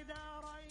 إذا رأيت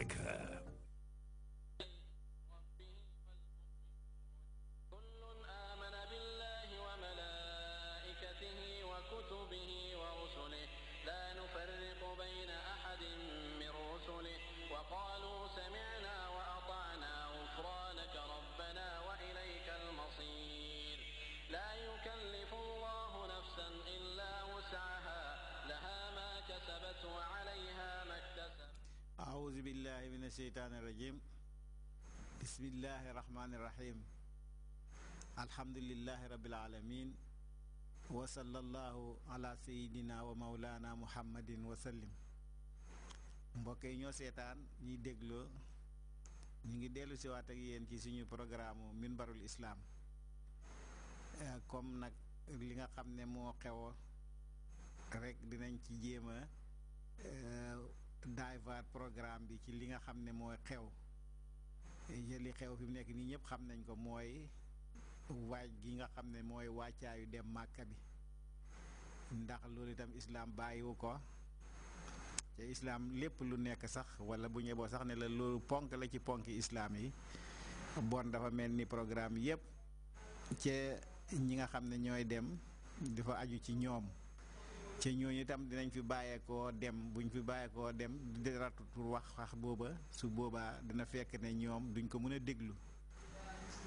Africa. syaitanirrajim Bismillahirrahmanirrahim Alhamdulillahirrabbilalamin Wa sallallahu ala sayyidina wa maulana muhammadin wa sallim Mbokke ño setan ñi deglu ñi ngi delu ci wat ak yeen minbarul islam euh comme nak li nga xamne mo xewo rek dinañ eh, diver programme bi ci li nga xam ne mooy xew li xew fi mu nekk nii ñëpp xam nañ ko mooy waaj gi nga xam ne mooy wàccaayu dem màkka bi ndax loolu itam islaam bàyyiwu ko te islaam lépp lu nekk sax wala bu ñëboo sax ne la loolu ponk la ci ponk islaam yi bon dafa mel ni programme yëpp ca ñi nga xam ne ñooy dem dafa aju ci ñoom ci ñooñu itam dinañ fi dem buñ fi ko dem di ratu tur wax wax booba su boobaa dina fekk ne ñoom duñ ko mën a déglu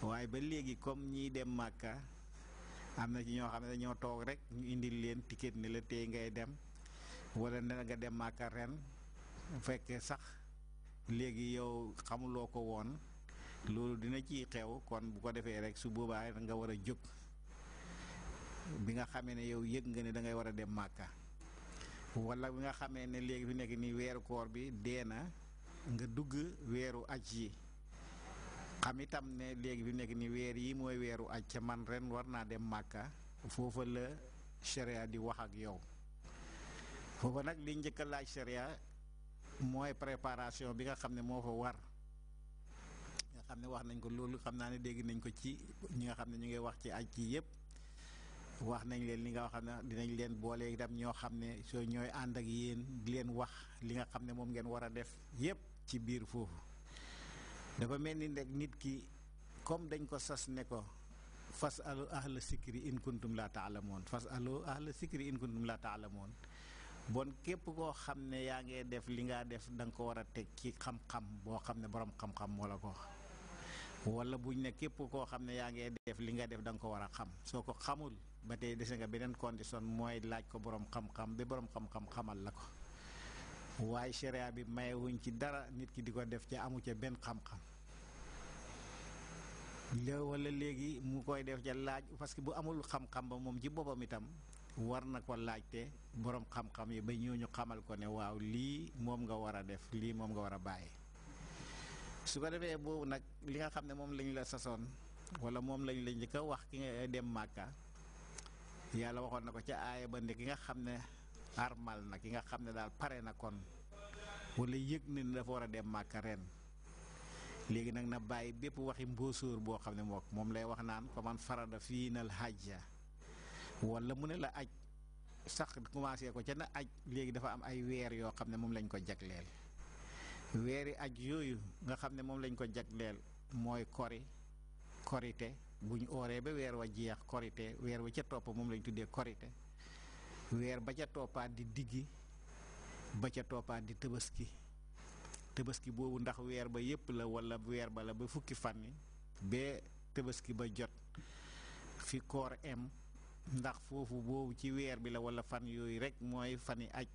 waaye ba léegi comme dem maka, amna na ci ñoo xam ne dañoo toog rek ñu indil leen ticket ne la tey ngay dem wala na nga dem màkka ren fekk sax léegi yow xamuloo ko woon dina ci xew kon bu ko defee rek su boobaa nga bi nga xamee ne yow yëg nga ne dangay war a dem màkka wala bi nga xamee ne léegi bi nekk nii weeru koor bi dee na nga dugg weeru aj yi xam itam ne léegi bi nekk nii weer yi mooy weeru aj ca man ren war naa dem màkka foofa la sharia di wax ak yow foofa nag li njëkk a laaj sharia mooy préparation bi nga xam ne moo fa war nga xam ne wax nañ ko loolu xam naa ne dégg nañ ko ci ñi nga xam ne ñu ngi wax ci aj yi yépp wax nañ leen li nga xam ne dinañ leen boole itam ñoo xam ne soo ñooy ànd ak yéen di leen wax li nga xam ne moom ngeen war a def yépp ci biir foofu dafa mel ni rek nit ki comme dañ ko sas ne ko fas alu ahla sikri in kuntum laa taalamoon fas alu ahla sikri in kuntum laa taalamoon bon képp koo xam ne yaa ngee def li nga def da nga ko war a teg ci xam-xam boo xam ne borom xam-xam moo la ko wala buñ ne képp koo xam ne yaa ngee def li nga def da nga ko war a xam soo ko xamul ba tey dese nga beneen condition mooy laaj ko borom xam-xam bi borom xam-xam xamal la ko waaye sharia bi mayewuñ ci dara nit ki di ko def ca amu ca benn xam wala léegi mu koy def ca laaj parce que bu amul xam-xam ba moom ci boppam itam war na ko laajte borom xam-xam yi ba ñooñu xamal ko ne waaw lii moom nga war a def lii moom nga war a bàyyi su ko defee boobu nag li nga xam ne moom lañu la sasoon wala moom lañ la njëkk wax ki nga dem màkka yàlla waxoon na ko ca aaya ba ne ki nga xam ne armal nag ki nga xam ne daal pare na kon wala yëg na ni dafa war a dem màkka ren léegi nag na bàyyi bépp waxi mbóosóor boo xam ne mook moom lay wax naan fa farada fii nal hajja wala mu ne la aj sax commencé ko ca na aj léegi dafa am ay weer yoo xam ne moom lañ ko jagleel weeri aj yooyu nga xam ne moom lañ ko jagleel mooy kori korité buñ ooree be weer wa jeex korité weer wa ca topp moom lañ tuddee korité weer ba ca di diggi ba ca di tebeski tebeski boobu ndax weer ba yépp la wala weer ba la ba fukki fanni ba tëbaski ba jot fi koor em ndax foofu boobu ci weer bi la wala fan yooyu rek mooy fani aj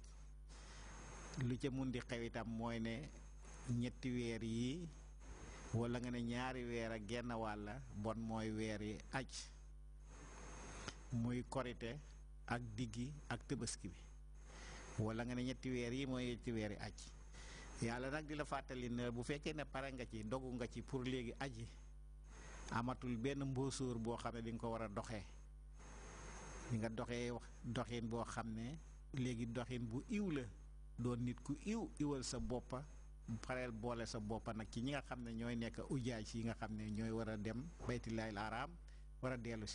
lu ca mun di mooy ne ñetti weer yi wala nga ne ñaari weer ak genn wàlla bon mooy weeri aj muy korite ak diggi ak tëbaski bi wala nga ne ñetti weer yi mooy ñetti weeri aj yàlla nag di la fàttali ne bu fekkee ne pare nga ci dogu nga ci pour léegi aji amatul benn mbóosóor boo xam ne di ko war a doxe di nga doxin boo xam ne léegi doxin bu iw la doon nit ku iw iwal sa boppa pareel boole sa boppa nag ci ñi nga xam ne ñooy nekk ujaay ci yi nga xam ne ñooy war a dem baytillaahil araam war a dellu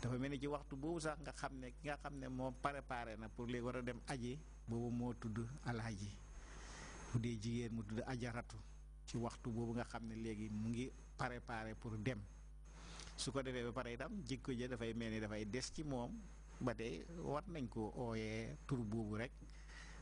dafa mel ci waxtu sax nga xam ki nga xam ne moom na pour léegi war dem aji boobu moo tudd alaaji bu dee jigéen mu tudd ajaratu ci waxtu boobu nga xam ne léegi mu ngi préparé pour dem su ko defee ba pare itam jikko ja dafay mel ni dafay des ci moom ba tey war nañ ko ooyee tur boobu rek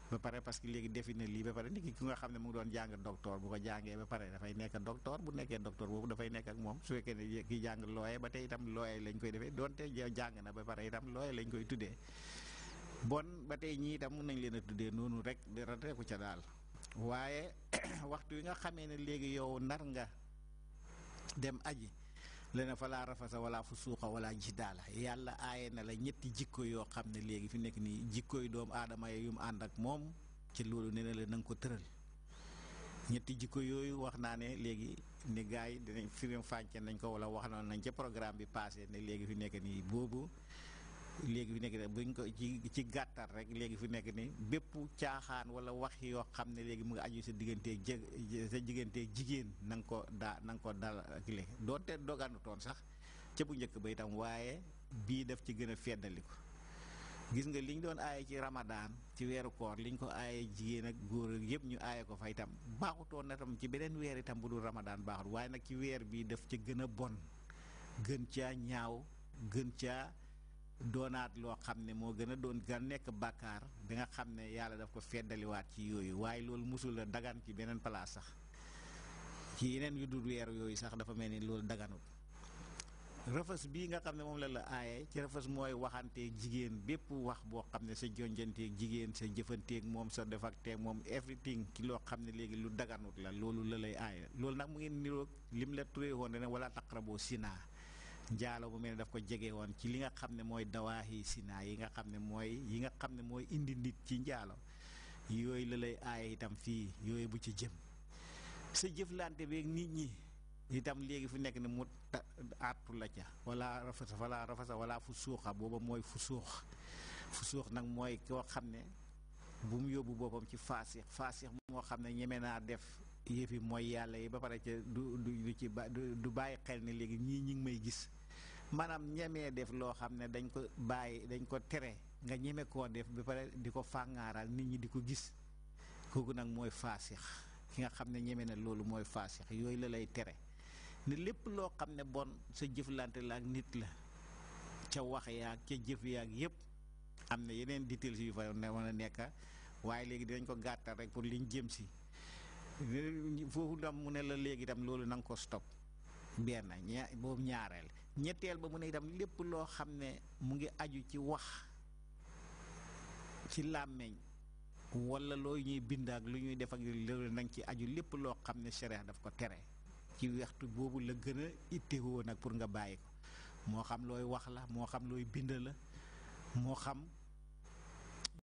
ba pare parce que léegi defina lii ba pare nit ki nga xam ne mu ngi doon jàng docteur bu ko jàngee ba pare dafay nekk docteur bu nekkee docteur boobu dafay nekk ak moom su fekkee ne ki jàng looye ba tey itam looye lañ koy defee donte jàng na ba pare itam looye lañ koy tuddee bon ba tey ñii itam mun nañ leen a tuddee noonu rek dara reku ca daal waaye waxtu yi nga xamee ne léegi yow nar nga dem aji lene falaa laa rafasa walaa fu suuxa wala jidaala yàlla aaye na la ñetti jikko yoo xam ne léegi fi nekk nii jikkooy doom aadama yu mu ànd ak moom ci loolu ne na la na ko tëral ñetti jikko yooyu wax naa ne léegi ni gars yi dinañ firim fànce nañ ko wala wax noonu nañ ca programme bi passé ne léegi fi nekk nii boobu léegi fi nekk nii buñ ko ci ci gàttal rek léegi fi nekk nii bépp caaxaan wala wax yoo xam ne léegi mu ngi aju sa diggante jé sa digganteeg jigéen nang nga ko daa na ko dal ak léegi doonte dogaanu toon sax ca bu njëkk ba itam waaye bii def ci gën a feddaliko gis nga liñ doon aaye ci ramadaan ci weeru koor liñ ko aaye jigéen ak góor yëpp ñu aaye ko fa itam baaxutoon na tam ci beneen weer itam bu dul ramadaan baaxut waaye nag ci weer bii def ci gën a bon gën caa ñaaw gën caa doonaat loo xam ne moo gën a doon gën nekk bàkkaar bi nga xam ne yàlla daf ko feddaliwaat ci yooyu waaye loolu musul a dagan ci beneen palaas sax ci yeneen yu dul weer yooyu sax dafa mel ni loolu daganul rëfës bii nga xam ne moom la la aaye ci rëfës mooy waxanteeg jigéen bépp wax boo xam ne sa jonjanteeg jigéen sa jëfanteeg moom sa defakteeg moom everything ci loo xam ne léegi lu daganut la loolu la lay aaye loolu nag mu ngi niroog lim la turee woon ne wala taqraboo sinaa jaalo bu mel ne daf ko jege woon ci li nga xam ne mooy dawaahi sinaa yi nga xam ne mooy yi nga xam ne mooy indi nit ci njaalo yooyu la lay aaye itam fii yooyu bu ci jëm sa jëflante beeg nit ñi itam léegi fu nekk ne mu àttu la ca wala rafasa wala rafasa wala fu suuxa booba mooy fu suux fu suux nag mooy koo xam ne bu mu yóbbu boppam ci faasix faasix moo xam ne ñeme naa def yëfi mooy yàlla yi ba pare ca du du ci ba du bàyyi xel ne léegi ñii ñi ngi may gis maanaam ñemee def loo xam ne dañ ko bàyyi dañ ko tere nga ñeme koo def ba pare di ko fànnaaral nit ñi di ko gis kooku nag mooy faasix ki nga xam ne ñeme na loolu mooy faasix yooyu la lay tere ne lépp loo xam ne bon sa jëflante la ak nit la ca wax yaag ca jëf yaag yépp am na yeneen details yu fa ne mën a nekk waaye léegi dinañ ko gàttal rek pour liñ jëm si foofu dam mu ne la léegi itam loolu nanga ko stop benn ña boobu ñaareel ñetteel ba mu ne itam lépp loo xam ne mu ngi aju ci wax ci làmmeñ wala looy ñuy bind ak lu ñuy def ak loolu nang ci aju lépp loo xam ne sharia daf ko tere ci waxtu boobu la gën a nag pour nga bàyyi ko moo xam looy wax la moo xam looy bind la moo xam